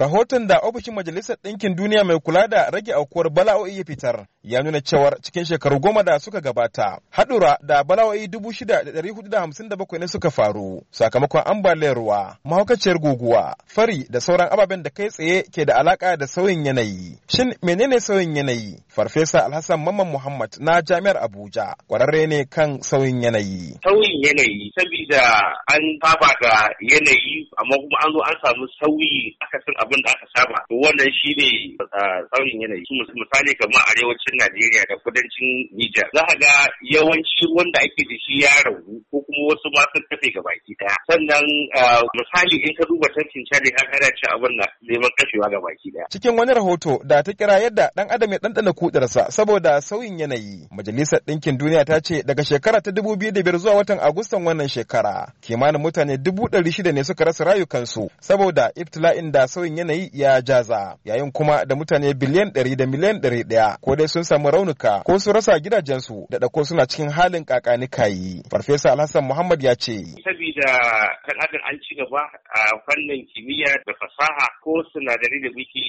Rahoton da ofishin Majalisar Ɗinkin Duniya mai kula da rage aukuwar bala'o'i ya fitar ya nuna cewar cikin shekaru goma da suka gabata haɗura da bala'o'i dubu shida da ɗari hudu da hamsin da bakwai ne suka faru sakamakon ambaliyar ruwa, mahaukaciyar guguwa, fari da sauran ababen da kai tsaye ke da alaƙa da sauyin yanayi. Shin menene sauyin yanayi? Farfesa Alhassan Mamman Muhammad na Jami'ar Abuja ƙwararre ne kan sauyin yanayi. Sauyin yanayi saboda an fafata yanayi amma kuma an zo an samu sauyi akasin abu abin da aka saba wannan shi ne tsaunin yanayi misali kamar arewacin najeriya da kudancin Niger. za ga yawanci wanda ake da shi ya ragu ko kuma wasu ma sun kafe gabaki ta sannan ah, misali in ka duba tantin cari an ana ci abin na neman kashewa ga baki daya cikin wani rahoto da ta kira yadda dan adam ya dandana kudarsa saboda sauyin yanayi majalisar ɗinkin duniya ta ce daga shekara ta dubu biyu da biyar zuwa watan agustan wannan shekara kimanin mutane dubu ɗari shida ne suka rasa rayukansu saboda ibtila'in da sauyin yanayi ya jaza yayin kuma da mutane biliyan ɗari da miliyan ɗari ɗaya ko dai sun samu raunuka ko su rasa gidajensu da ɗako suna cikin halin kakani farfesa alhassan muhammad ya ce saboda kan adam an ci gaba a fannin kimiyya da fasaha ko sinadari da muke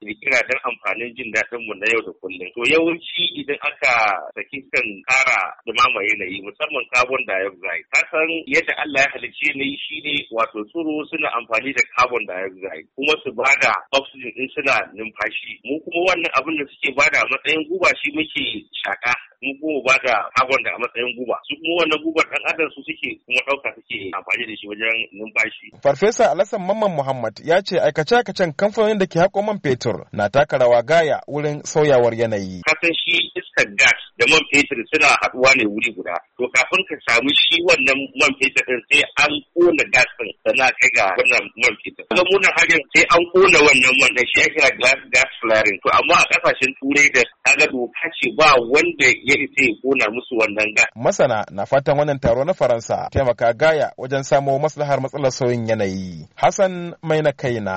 kirkira don amfanin jin daɗin mu na yau da kullum. To yawanci idan aka saki kan ƙara dumama yanayi musamman carbon dioxide. Ka san yadda Allah ya halicce" yi shi ne, wato tsiro suna amfani da carbon dioxide kuma su ba da oxygen din suna numfashi. Mu kuma wannan abin da suke ba da matsayin guba shi muke shaka Kuma kuma ba ta agon da a matsayin guba su kuma wannan gubar dan adam su suke kuma ɗauka suke amfani da shi wajen numfashi. Farfesa Alassan Mamman Muhammad ya ce aikace-aikacen kamfanonin da ke haƙo man fetur na taka rawa gaya wurin sauyawar yanayi. Kasan shi iskar gas da man fetur suna haɗuwa ne wuri guda to kafin ka samu shi wannan man fetur ɗin sai an ƙona gas ɗin sannan kai ga wannan man fitar. kuma muna hanyar sai an kona wannan man da shi ya glass gas flaring to amma a kasashen turai da kaga doka ce ba wanda ya isa ya kona musu wannan gas masana na fatan wannan taro na faransa taimaka gaya wajen samo maslahar matsalar sauyin yanayi hassan maina kaina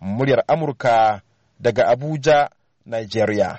muryar amurka daga abuja nigeria